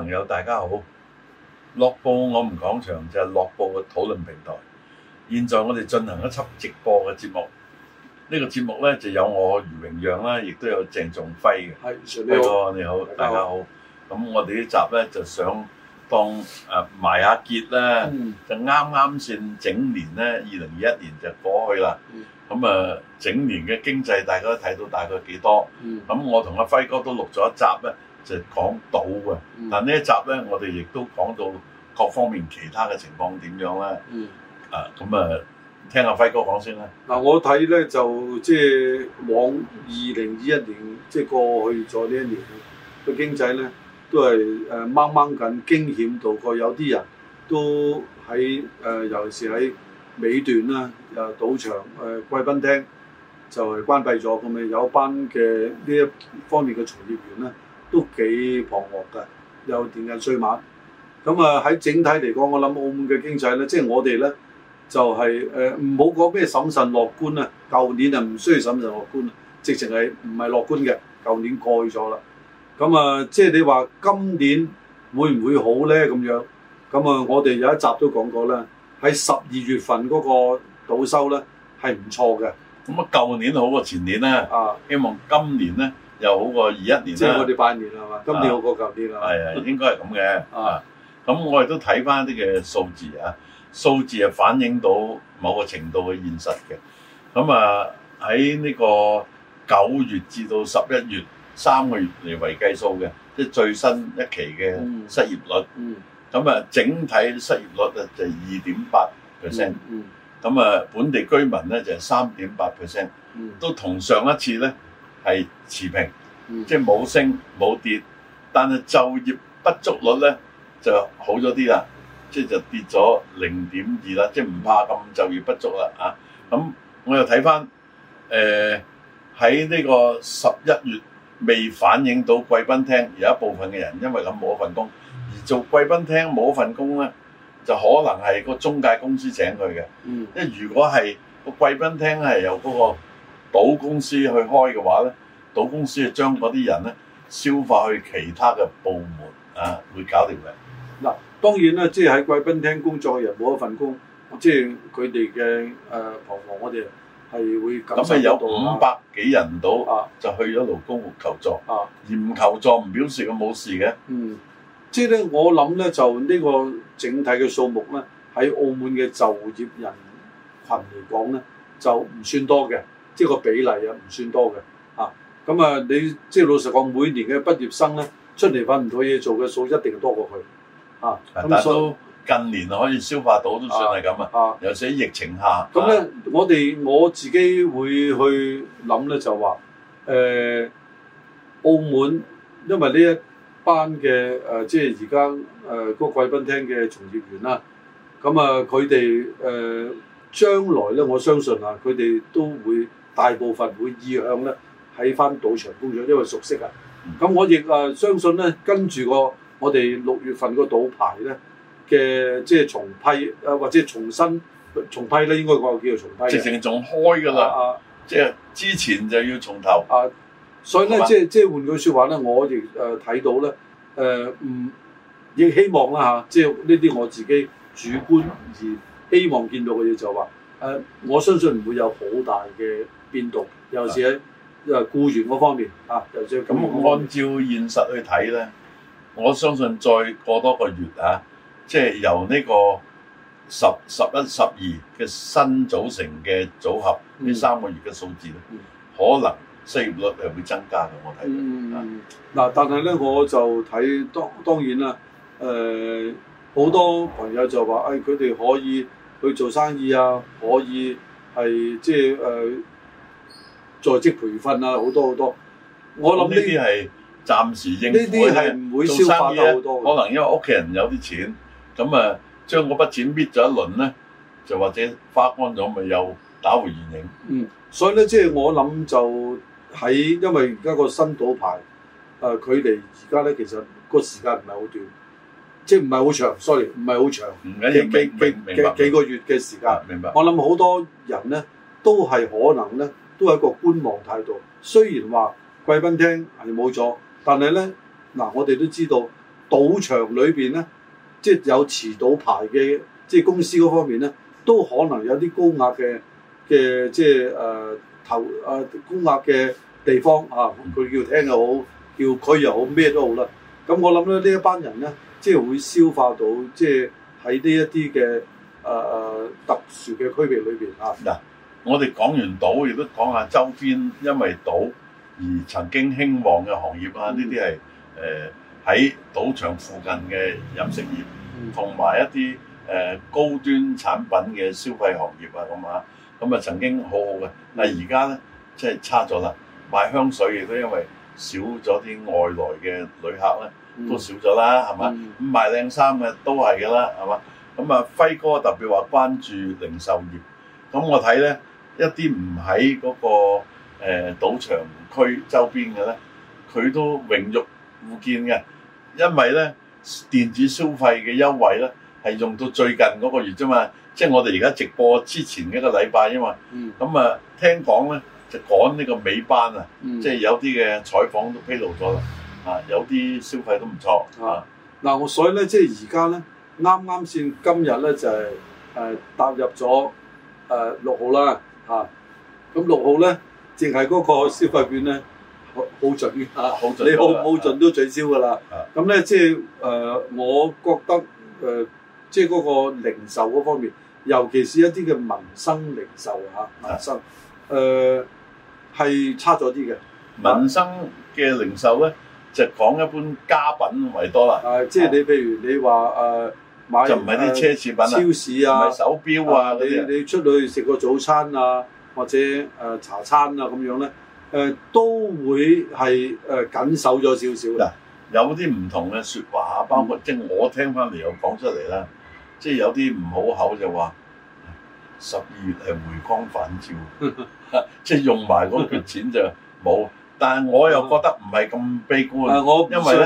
朋友大家好，樂報我唔講場就樂、是、報嘅討論平台。現在我哋進行一輯直播嘅節目，這個、節目呢個節目咧就有我余榮陽啦，亦都有鄭仲輝嘅。係，你好，大家好。咁我哋呢集咧就想當誒、啊、埋下結啦，嗯、就啱啱算整年咧，二零二一年就過去啦。咁啊、嗯，整年嘅經濟大家都睇到大概幾多。咁、嗯、我同阿輝哥都錄咗一集咧。就係講賭嘅，但呢一集咧，我哋亦都講到各方面其他嘅情況點樣咧。嗯、啊，咁啊，聽阿輝哥講先啦。嗱、嗯，我睇咧就即係、就是、往二零二一年，即係過去咗呢一年嘅經濟咧，都係誒掹掹緊，呃、茫茫驚險度過。有啲人都喺誒、呃，尤其是喺尾段啦，誒、呃、賭場、誒、呃、貴賓廳就係關閉咗，咁咪有班嘅呢一方面嘅從業員咧，都幾蓬勃㗎，又電銀催碼，咁啊喺整體嚟講，我諗澳門嘅經濟咧，即係我哋咧就係誒唔好講咩審慎樂觀啊，舊年啊唔需要審慎樂觀，直情係唔係樂觀嘅，舊年過咗啦，咁啊即係你話今年會唔會好咧咁樣？咁啊我哋有一集都講過啦，喺十二月份嗰個賭收咧係唔錯嘅，咁啊舊年好過前年咧，啊希望今年咧。又好過二一年即係我哋八年啦嘛，啊、今年好過舊啲啦，係啊，應該係咁嘅。啊，咁、啊、我哋都睇翻啲嘅數字啊，數字係反映到某個程度嘅現實嘅。咁啊喺呢個九月至到十一月三個月嚟為計數嘅，即係最新一期嘅失業率。嗯。咁、嗯、啊，整體失業率啊就係二點八 percent。嗯。咁啊，本地居民咧就係三點八 percent。都同上一次咧，係持平，即係冇升冇跌，但係就業不足率咧就好咗啲啦，即係就跌咗零點二啦，即係唔怕咁就業不足啦啊！咁我又睇翻誒喺呢個十一月，未反映到貴賓廳有一部分嘅人因為咁冇咗份工，而做貴賓廳冇咗份工咧，就可能係個中介公司請佢嘅，因為如果係個貴賓廳係由嗰個賭公司去開嘅話咧。老公司啊，將嗰啲人咧消化去其他嘅部門啊，會搞掂嘅。嗱，當然啦，即係喺貴賓廳工作嘅人冇、呃、一份工，即係佢哋嘅誒婆婆，我哋係會感受到啊。咁啊，有五百幾人到啊，就去咗勞工局求助啊，而唔求助唔表示佢冇事嘅。嗯，即係咧，我諗咧，就呢個整體嘅數目咧，喺澳門嘅就業人群嚟講咧，就唔算多嘅，即係個比例啊，唔算多嘅。咁啊，你即係老實講，每年嘅畢業生咧出嚟揾唔到嘢做嘅數一定多過佢，啊咁都近年可以消化到、啊、都算係咁啊。尤其喺疫情下。咁咧、啊，我哋我自己會去諗咧，就話誒、呃、澳門，因為呢一班嘅誒、呃，即係而家誒嗰個貴賓廳嘅從業員啦。咁啊，佢哋誒將來咧，我相信啊，佢哋都會大部分會意向咧。睇翻賭場工作，因為熟悉啊。咁我亦誒相信咧，跟住個我哋六月份個賭牌咧嘅即係重批，誒、啊、或者重新重批咧，應該講叫做重批。直情仲開㗎嘛？啊、即係之前就要重頭。啊，所以咧吧，即係即係換句説話咧，我亦誒睇到咧，誒唔亦希望啦嚇、啊，即係呢啲我自己主觀而希望見到嘅嘢就話、是、誒、啊，我相信唔會有好大嘅變動，尤其是。因為僱員嗰方面啊，咁按照現實去睇咧，我相信再過多個月啊，即係由呢個十十一十二嘅新組成嘅組合呢、嗯、三個月嘅數字咧，嗯嗯、可能失業率係會增加嘅、嗯啊。我睇嗱，但係咧我就睇當當然啦，誒、呃、好多朋友就話誒佢哋可以去做生意啊，可以係即係誒。呃在職培訓啊，好多好多，我諗呢啲係暫時應付嘅，會多做生意咧，可能因為屋企人有啲錢，咁啊將嗰筆錢搣咗一輪咧，就或者花乾咗，咪又打回原形。嗯，所以咧，即係我諗就喺因為而家個新賭牌，誒距離而家咧其實個時間唔係好短，即係唔係好長，sorry，唔係好長，唔白幾幾幾白幾個月嘅時間。明白。我諗好多人咧都係可能咧。都係一個觀望態度。雖然話貴賓廳係冇錯，但係咧嗱，我哋都知道賭場裏邊咧，即係有持賭牌嘅，即係公司嗰方面咧，都可能有啲高額嘅嘅即係誒、呃、投啊呃、高額嘅地方啊。佢叫聽又好，叫區又好，咩都好啦。咁我諗咧，一呢一班人咧，即係會消化到即係喺呢一啲嘅誒誒特殊嘅區域裏邊啊。嗱。我哋講完島，亦都講下周邊，因為島而曾經興旺嘅行業啊，呢啲係誒喺賭場附近嘅飲食業，同埋一啲誒、呃、高端產品嘅消費行業啊，咁啊咁啊曾經好好嘅，嗯、但係而家咧即係差咗啦。賣香水亦都因為少咗啲外來嘅旅客咧，都少咗啦，係嘛吧？賣靚衫嘅都係㗎啦，係嘛？咁啊，輝哥特別話關注零售業，咁我睇咧。一啲唔喺嗰個誒賭場區周邊嘅咧，佢都榮辱互見嘅，因為咧電子消費嘅優惠咧係用到最近嗰個月啫嘛，即係我哋而家直播之前一個禮拜啫嘛。咁啊、嗯，聽講咧就趕呢個尾班啊，嗯、即係有啲嘅採訪都披露咗啦。啊，有啲消費都唔錯。啊。嗱，我所以咧，即係而家咧，啱啱先今日咧就係誒踏入咗誒六號啦。啊！咁六號咧，淨係嗰個消費券咧，好準噶，好準啊、好準你好，冇準都取消噶啦。咁咧、啊、即係誒、呃，我覺得誒、呃，即係嗰個零售嗰方面，尤其是一啲嘅民生零售嚇、啊、民生誒，係、呃、差咗啲嘅民生嘅零售咧，啊、就講一般家品為多啦。誒、啊，啊、即係你譬如你話誒。呃就唔係啲奢侈品啊，超市啊，手錶啊，你你出去食個早餐啊，或者誒茶餐啊咁樣咧，誒都會係誒緊守咗少少啦。有啲唔同嘅説話，包括即係我聽翻嚟又講出嚟啦，即係、嗯、 有啲唔好口就話十二月係回光返照，即係、 就是、用埋嗰橛錢就冇。 但係我又覺得唔係咁悲觀，呃、我唔信因為咧，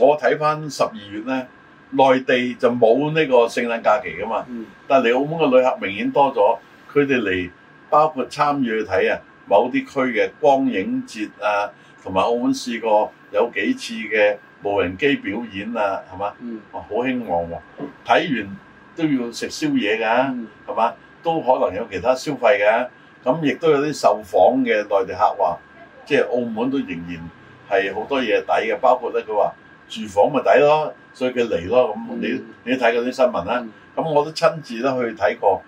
我睇翻十二月咧。 內地就冇呢個聖誕假期噶嘛，嗯、但係嚟澳門嘅旅客明顯多咗，佢哋嚟包括參與去睇啊，某啲區嘅光影節啊，同埋澳門試過有幾次嘅無人機表演啊，係嘛？嗯、好興旺喎！睇完都要食宵夜㗎、啊，係嘛、嗯？都可能有其他消費㗎、啊，咁亦都有啲受訪嘅內地客話，即係澳門都仍然係好多嘢抵嘅，包括咧佢話住房咪抵咯。所以佢嚟咯，咁你、嗯、你睇嗰啲新聞啦。咁我都親自都去睇過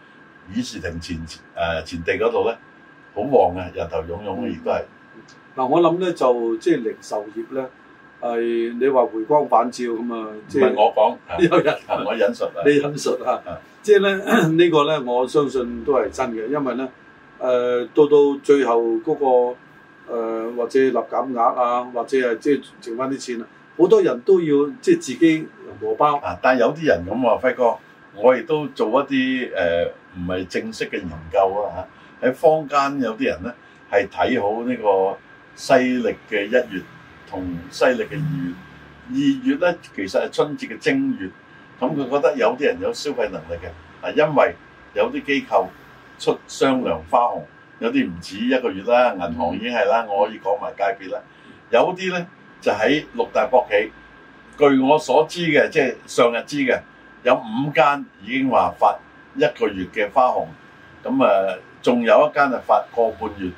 以，議事亭前誒前地嗰度咧，好旺嘅，人頭涌湧咧，亦都係。嗱，我諗咧就即係、就是、零售業咧，係你話回光返照咁啊，即、就、係、是、我講，有人，我引述啊，你引述啊，是是即係咧呢、這個咧，我相信都係真嘅，因為咧誒到到最後嗰、那個、呃、或者立減額啊，或者係即係剩翻啲錢。好多人都要即係自己荷包啊！但係有啲人咁話、啊、輝哥，我亦都做一啲誒唔係正式嘅研究啊！喺、啊、坊間有啲人咧係睇好呢個西歷嘅一月同西歷嘅二月。二月咧其實係春節嘅正月，咁佢覺得有啲人有消費能力嘅，係、啊、因為有啲機構出雙糧花紅，有啲唔止一個月啦，銀行已經係啦，我可以講埋界別啦，有啲咧。就喺六大博企，據我所知嘅，即係上日知嘅，有五間已經話發一個月嘅花紅，咁、嗯、啊，仲有一間啊發個半月，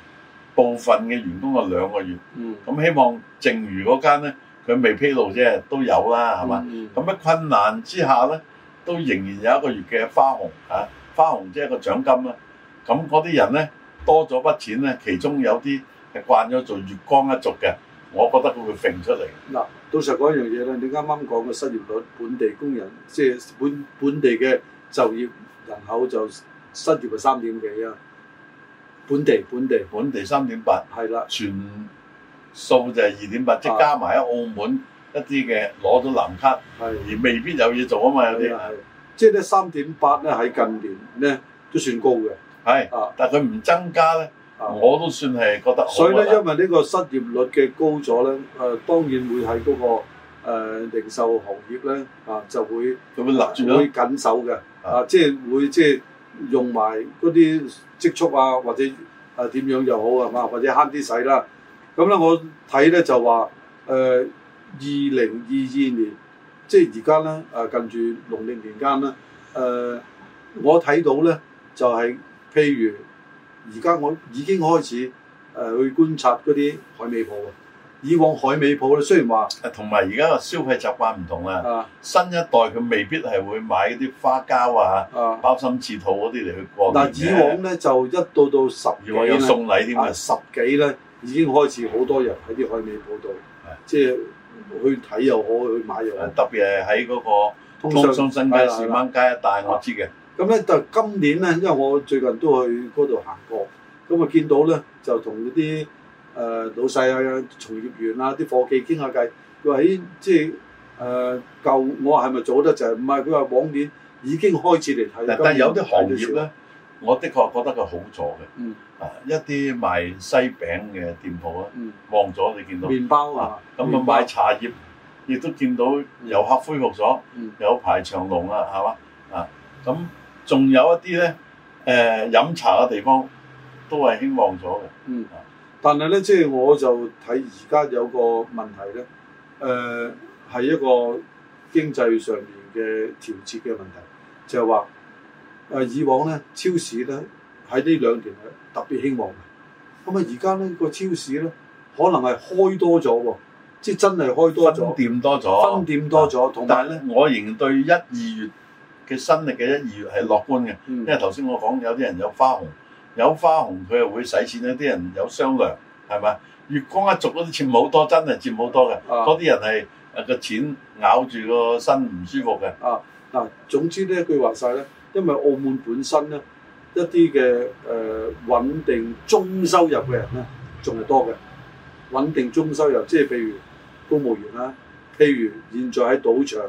部分嘅員工啊兩個月，咁、嗯嗯、希望剩餘嗰間咧，佢未披露啫，都有啦，係嘛？咁喺、嗯嗯、困難之下咧，都仍然有一個月嘅花紅啊，花紅即係一個獎金啦。咁嗰啲人咧多咗筆錢咧，其中有啲係慣咗做月光一族嘅。我覺得佢會揈出嚟。嗱，到時候講一樣嘢咧，你啱啱講嘅失業率，本地工人即係本本地嘅就業人口就失業個三點幾啊，本地本地本地三點八，係啦，全數就係二點八，即加埋喺澳門一啲嘅攞到藍卡，而未必有嘢做啊嘛，有啲啊，即係咧三點八咧喺近年咧都算高嘅，係，但係佢唔增加咧。我都算係覺得好，所以咧，因為呢個失業率嘅高咗咧，誒、呃、當然會係嗰、那個、呃、零售行業咧，啊、呃、就會的啊、就是、會勒住啦，會緊手嘅，啊即係會即係用埋嗰啲積蓄啊，或者啊點、呃、樣又好啊，或者慳啲使啦。咁、嗯、咧，我睇咧就話誒二零二二年，即係而家咧，誒近住農曆年間咧，誒、呃、我睇到咧就係、是、譬如。而家我已經開始誒去觀察嗰啲海味鋪，以往海味鋪咧，雖然話誒同埋而家嘅消費習慣唔同啦，啊、新一代佢未必係會買啲花膠啊、啊、鮑參翅肚嗰啲嚟去過年嘅。以往咧就一到到十月我咧送禮添啊，十幾咧已經開始好多人喺啲海味鋪度，即係去睇又好，去買又好。啊、特別係喺嗰個東涌新街、士邦街一帶，我知嘅。咁咧就今年咧，因為我最近都去嗰度行過，咁啊見到咧就同啲誒老細啊、從業員啊、啲夥計傾下偈，佢話喺即係誒、呃、舊，我係咪做得就係唔係？佢話往年已經開始嚟睇，但係有啲行業咧，的我的確覺得佢好做嘅，嗯、啊一啲賣西餅嘅店鋪咧，望咗、嗯、你見到，麵包咁啊賣包、啊、茶葉，亦都見到遊客恢復咗，有排長龍啦，係嘛啊咁。仲有一啲咧，誒、呃、飲茶嘅地方都係興旺咗嘅。嗯，但係咧，即、就、係、是、我就睇而家有個問題咧，誒、呃、係一個經濟上面嘅調節嘅問題，就係話誒以往咧超市咧喺呢兩年係特別興旺嘅，咁啊而家呢個超市咧可能係開多咗喎，即係真係開多咗分店多咗，嗯、分店多咗。嗯、同但係咧，我仍對一二月嘅新力嘅一二月係樂觀嘅。嗯、因為頭先我講有啲人有花紅，有花紅佢又會使錢咧，啲人有商量係咪？月光一族嗰啲佔好多，真係佔好多嘅，嗰啲、啊、人係誒個錢咬住個身唔舒服嘅。嗱、啊、總之呢一句話晒咧，因為澳門本身咧一啲嘅誒穩定中收入嘅人咧仲係多嘅，穩定中收入，中收入即係譬如公務員啦。譬如現在喺賭場，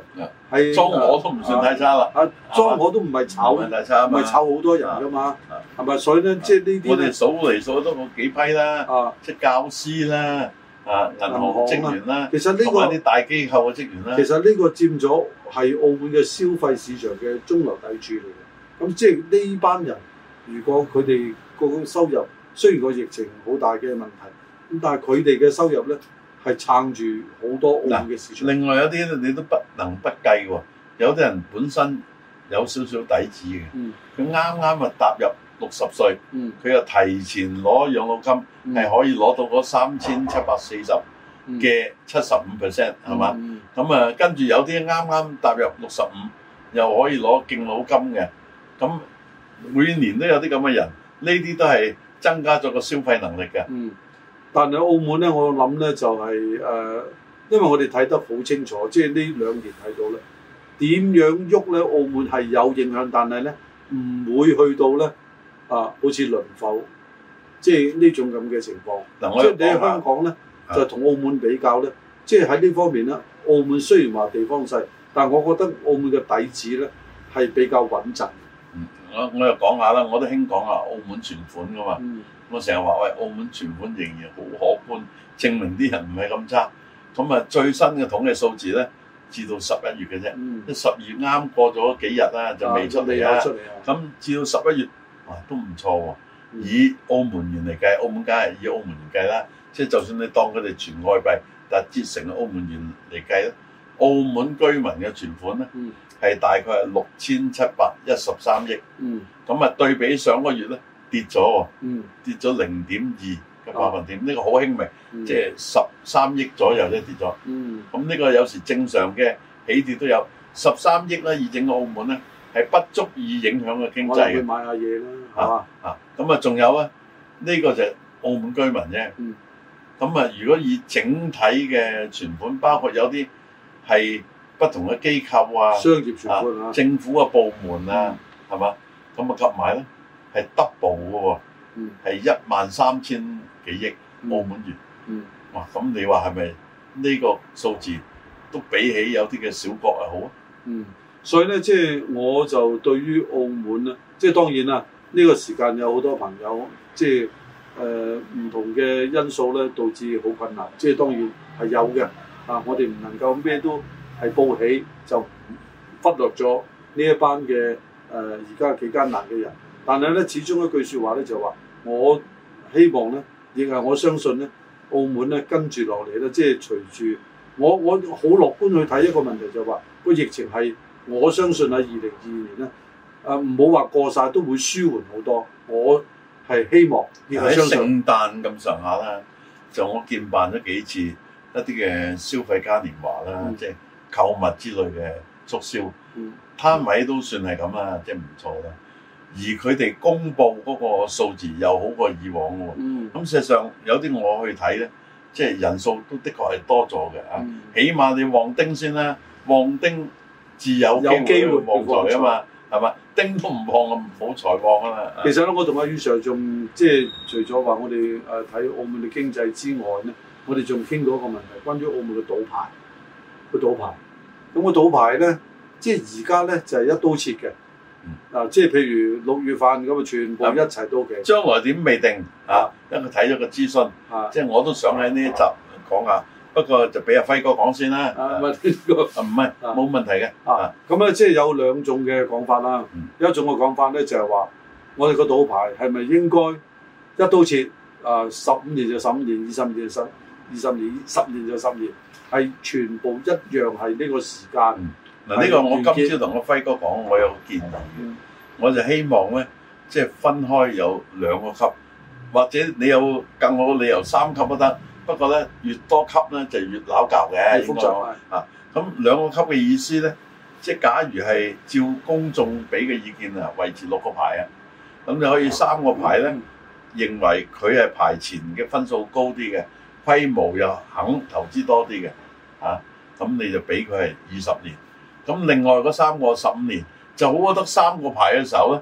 係莊我都唔算太差啦，啊吧莊我都唔係炒，唔係炒好多人㗎嘛，係咪？吧吧所以咧，即係呢啲我哋數嚟數都冇幾批啦，吧即係教師啦，啊，銀行職員啦，其呢同埋啲大機構嘅職員啦。其實呢個佔咗係澳門嘅消費市場嘅中流砥柱嚟嘅，咁即係呢班人，如果佢哋個個收入，雖然個疫情好大嘅問題，咁但係佢哋嘅收入咧。係撐住好多澳門嘅市場。另外有啲你都不能不計喎，有啲人本身有少少底子嘅。佢啱啱咪踏入六十歲，佢又、嗯、提前攞養老金，係、嗯、可以攞到嗰三千七百四十嘅七十五 percent，係嘛？咁啊，跟住有啲啱啱踏入六十五，又可以攞敬老金嘅。咁每年都有啲咁嘅人，呢啲都係增加咗個消費能力嘅。嗯。但係澳門咧，我諗咧就係、是、誒、呃，因為我哋睇得好清楚，即係呢兩年睇到咧，點樣喐咧？澳門係有影響，但係咧唔會去到咧啊、呃，好似輪否，即係呢種咁嘅情況。嗱，我有講啦。即係你喺香港咧，的就同澳門比較咧，即係喺呢方面咧，澳門雖然話地方細，但係我覺得澳門嘅底子咧係比較穩陣。我又講下啦，我都興講下。澳門存款噶嘛，嗯、我成日話喂，澳門存款仍然好可觀，證明啲人唔係咁差。咁啊，最新嘅統計數字咧，至到十一月嘅啫，即十二月啱過咗幾日啦，嗯、就未出嚟啦。咁、嗯、至到十一月啊，都唔錯喎。以澳門元嚟計，澳門梗係以澳門元計啦。即係就算你當佢哋存外幣，但折成澳門元嚟計咧，澳門居民嘅存款咧。係大概係六千七百一十三億，咁啊、嗯、對比上個月咧跌咗喎，跌咗零點二嘅百分點，呢個好輕微，嗯、即係十三億左右咧跌咗，咁呢、嗯、個有時正常嘅起跌都有十三億啦，以整個澳門咧係不足以影響個經濟嘅。我買下嘢啦，係啊，咁啊仲有啊，嗯、有呢、這個就係澳門居民啫，咁啊、嗯嗯、如果以整體嘅存款，包括有啲係。不同嘅機構啊，商業傳播啊，啊政府嘅、啊、部門啊，係嘛、嗯？咁啊，夾埋咧係 double 嘅喎，係一萬三千幾億澳門元。哇、嗯！咁、啊、你話係咪呢個數字都比起有啲嘅小國係好啊？嗯，所以咧，即係我就對於澳門啊，即係當然啦，呢個時間有好多朋友，即係誒唔同嘅因素咧，導致好困難。即係當然係有嘅。啊，我哋唔能夠咩都～係報喜，就忽略咗呢一班嘅誒，而、呃、家幾艱難嘅人。但係咧，始終一句説話咧就話，我希望咧，亦係我相信咧，澳門咧跟住落嚟咧，即係隨住我我好樂觀去睇一個問題，就話個疫情係我相信喺二零二二年咧誒唔好話過晒都會舒緩好多。我係希望亦係相信。喺聖誕咁上下啦，就我見辦咗幾次一啲嘅消費嘉年華啦，即係、嗯。購物之類嘅促銷，攤位、嗯嗯、都算係咁啦，即係唔錯啦。而佢哋公布嗰個數字又好過以往喎。咁事、嗯、實上有啲我去睇咧，即、就、係、是、人數都的確係多咗嘅啊。嗯、起碼你旺丁先啦，旺丁自有機會旺財啊嘛，係嘛？吧丁都唔旺，冇財旺啊嘛。其實咧，我同阿宇 Sir 仲即係除咗話我哋誒睇澳門嘅經濟之外咧，我哋仲傾到一個問題，關於澳門嘅賭牌。個賭牌，咁個賭牌咧，即係而家咧就係一刀切嘅，嗱，即係譬如六月份咁啊，全部一齊刀嘅。將來點未定啊？因為睇咗個諮詢，即係我都想喺呢一集講下，不過就俾阿輝哥講先啦。唔係冇問題嘅。啊，咁咧即係有兩種嘅講法啦。一種嘅講法咧就係話，我哋個賭牌係咪應該一刀切？啊，十五年就十五年，二十年就十，二十年十年就十年。係全部一樣係呢個時間。嗱、嗯、呢、這個我今朝同阿輝哥講，我有見到的我就希望咧，即、就、係、是、分開有兩個級，或者你有更好嘅理由三級都得。不過咧，越多級咧就越撈舊嘅。幅長啊！咁兩國的、嗯、個級嘅意思咧，即、就、係、是、假如係照公眾俾嘅意見啊，維持六個牌啊，咁你可以三個牌咧，的嗯、認為佢係排前嘅分數高啲嘅，規模又肯投資多啲嘅。啊，咁你就俾佢係二十年，咁另外嗰三個十五年就好多得三個牌嘅時候咧，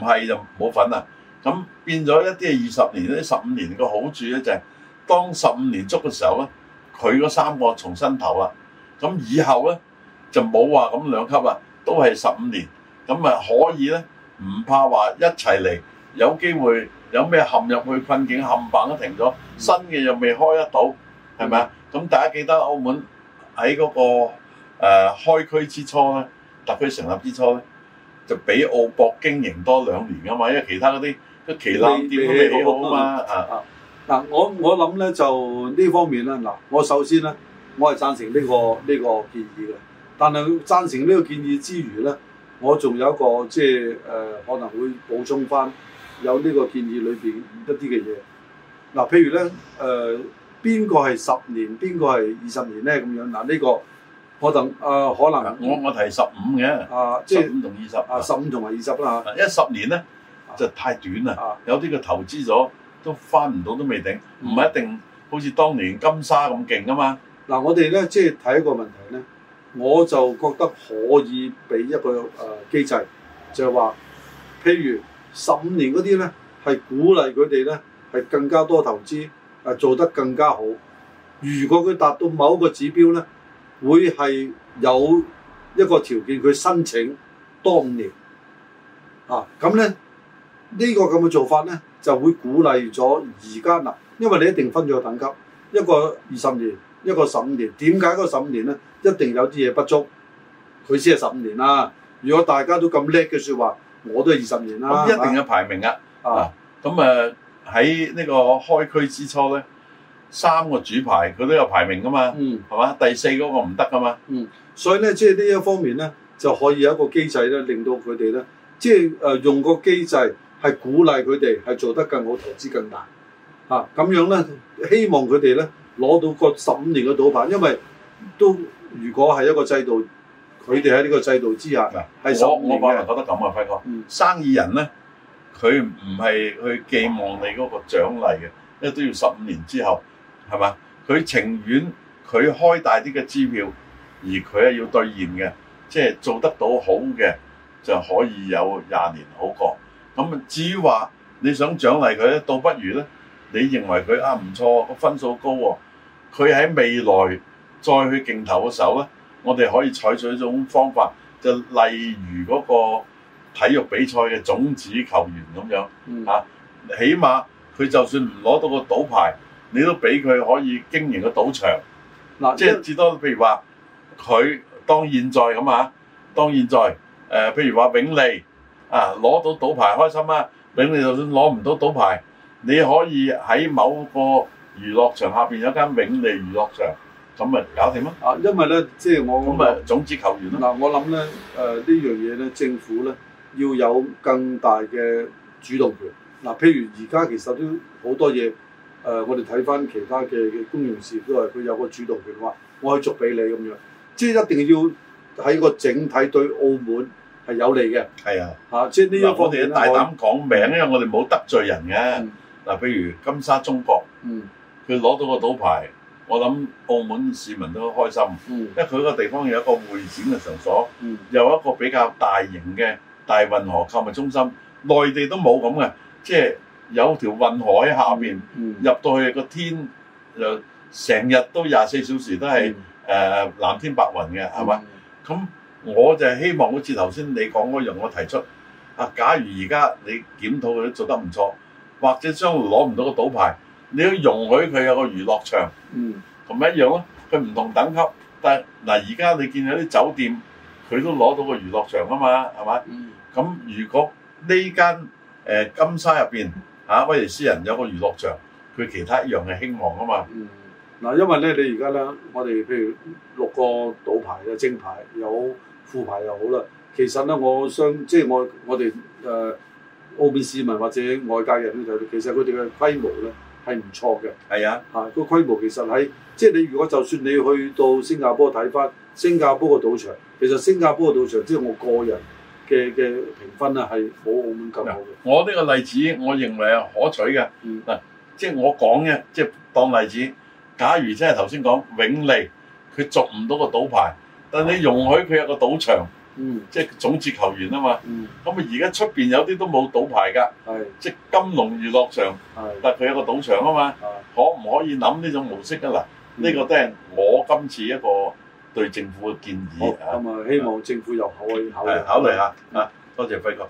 唔係就冇份啦。咁變咗一啲係二十年，啲十五年個好處咧就係當十五年足嘅時候咧，佢嗰三個重新投啦，咁以後咧就冇話咁兩級啦，都係十五年，咁咪可以咧，唔怕話一齊嚟，有機會有咩陷入去困境冚唪唥都停咗，新嘅又未開得到。係咪啊？咁大家記得澳門喺嗰、那個誒、呃、開區之初咧，特區成立之初咧，就比澳博經營多兩年嘅嘛，因為其他嗰啲啲旗艦店都未起好啊嘛、嗯嗯嗯、啊！嗱，我我諗咧就呢方面啦。嗱，我首先咧，我係贊成呢、這個呢、這個建議嘅。但係贊成呢個建議之餘咧，我仲有一個即係誒、呃、可能會補充翻有呢個建議裏邊一啲嘅嘢。嗱，譬如咧誒。呃邊個係十年？邊個係二十年咧？咁樣嗱，呢個可能啊，可能、呃、可能我我提十五嘅啊，即係十五同二十啊，十五同埋二十啦。一十年咧就太短啦，啊、有啲嘅投資咗都翻唔到，都未、嗯、定，唔係一定好似當年金沙咁勁噶嘛。嗱、啊，我哋咧即係睇一個問題咧，我就覺得可以俾一個誒機制，就係、是、話譬如十五年嗰啲咧，係鼓勵佢哋咧係更加多投資。誒做得更加好。如果佢達到某一個指標咧，會係有一個條件，佢申請多五年啊。咁咧呢、呢個咁嘅做法咧，就會鼓勵咗而家嗱，因為你一定分咗個等級，一個二十年，一個十五年。點解嗰十五年咧？一定有啲嘢不足，佢先係十五年啦、啊。如果大家都咁叻嘅説話，我都係二十年啦、啊。嗯、一定要排名啊！啊，咁誒、啊。喺呢個開區之初咧，三個主牌佢都有排名噶嘛，係嘛、嗯？第四嗰個唔得噶嘛、嗯，所以咧即係呢一方面咧，就可以有一個機制咧，令到佢哋咧，即係誒用個機制係鼓勵佢哋係做得更好，投資更大嚇。咁、啊、樣咧，希望佢哋咧攞到個十五年嘅賭牌，因為都如果係一個制度，佢哋喺呢個制度之下我，係十五年嘅，我我可能人覺得咁啊，輝哥、嗯，生意人咧，佢唔係去寄望你嗰個獎勵嘅，因為都要十五年之後，係嘛？佢情願佢開大啲嘅支票，而佢係要兌現嘅，即係做得到好嘅就可以有廿年好過。咁至於話你想獎勵佢咧，倒不如呢，你認為佢啊唔錯個分數高喎、哦，佢喺未來再去競投嘅時候呢，我哋可以採取一種方法，就例如嗰、那個。體育比賽嘅種子球員咁樣嚇，起碼佢就算攞到個賭牌，你都俾佢可以經營個賭場，嗱，即係至多譬如話佢當現在咁啊，當現在誒，譬如話永利啊攞到賭牌開心啦，永利就算攞唔到賭牌，你可以喺某個娛樂場下邊有間永利娛樂場，咁咪搞掂咯。啊，因為咧，即係我咁咪種子球員咯。嗱，我諗咧誒呢樣嘢咧，政府咧。要有更大嘅主動權嗱、啊，譬如而家其實都好多嘢，誒、呃，我哋睇翻其他嘅嘅公用事業都係佢有個主動權話，我去以續俾你咁樣，即係一定要喺個整體對澳門係有利嘅。係啊，嚇、啊，即係呢一方面我哋大膽講名，啊、因為我哋冇得罪人嘅。嗱、嗯，譬如金沙中國，佢攞、嗯、到個賭牌，我諗澳門市民都開心，嗯、因為佢個地方有一個會展嘅場所，有一個比較大型嘅。大運河購物中心，內地都冇咁嘅，即係有條運河喺下面，嗯、入到去個天又成日都廿四小時都係誒、嗯呃、藍天白雲嘅，係嘛？咁、嗯、我就希望好似頭先你講嗰樣，我提出啊，假如而家你檢討佢做得唔錯，或者將來攞唔到個賭牌，你要容許佢有個娛樂場，嗯、同埋一樣咯，佢唔同等級。但嗱，而家你見有啲酒店。佢都攞到個娛樂場啊嘛，係嘛？咁、嗯、如果呢間誒金沙入邊啊，威尼斯人有個娛樂場，佢其他一樣係興旺啊嘛。嗱、嗯，因為咧，你而家咧，我哋譬如六個賭牌啊，正牌又好，副牌又好啦。其實咧，我相即係我我哋誒、呃、澳門市民或者外界人咧，就其實佢哋嘅規模咧係唔錯嘅。係啊，啊個規模其實喺即係你如果就算你去到新加坡睇翻。新加坡嘅賭場，其實新加坡嘅賭場，即係我個人嘅嘅評分啦，係冇澳門咁好嘅。我呢個例子，我認為係可取嘅嗱、嗯，即係我講嘅，即係當例子。假如即係頭先講永利，佢捉唔到個賭牌，但你容許佢有個賭場，嗯、即係種子球員啊嘛。咁啊、嗯，而家出邊有啲都冇賭牌㗎，嗯、即係金龍娛樂場，嗯、但佢有個賭場啊嘛。嗯、可唔可以諗呢種模式啊？嗱，呢個都係我今次一個。對政府嘅建議，咁、哦、啊、嗯、希望政府又可以考慮考慮下。啊，多謝輝哥。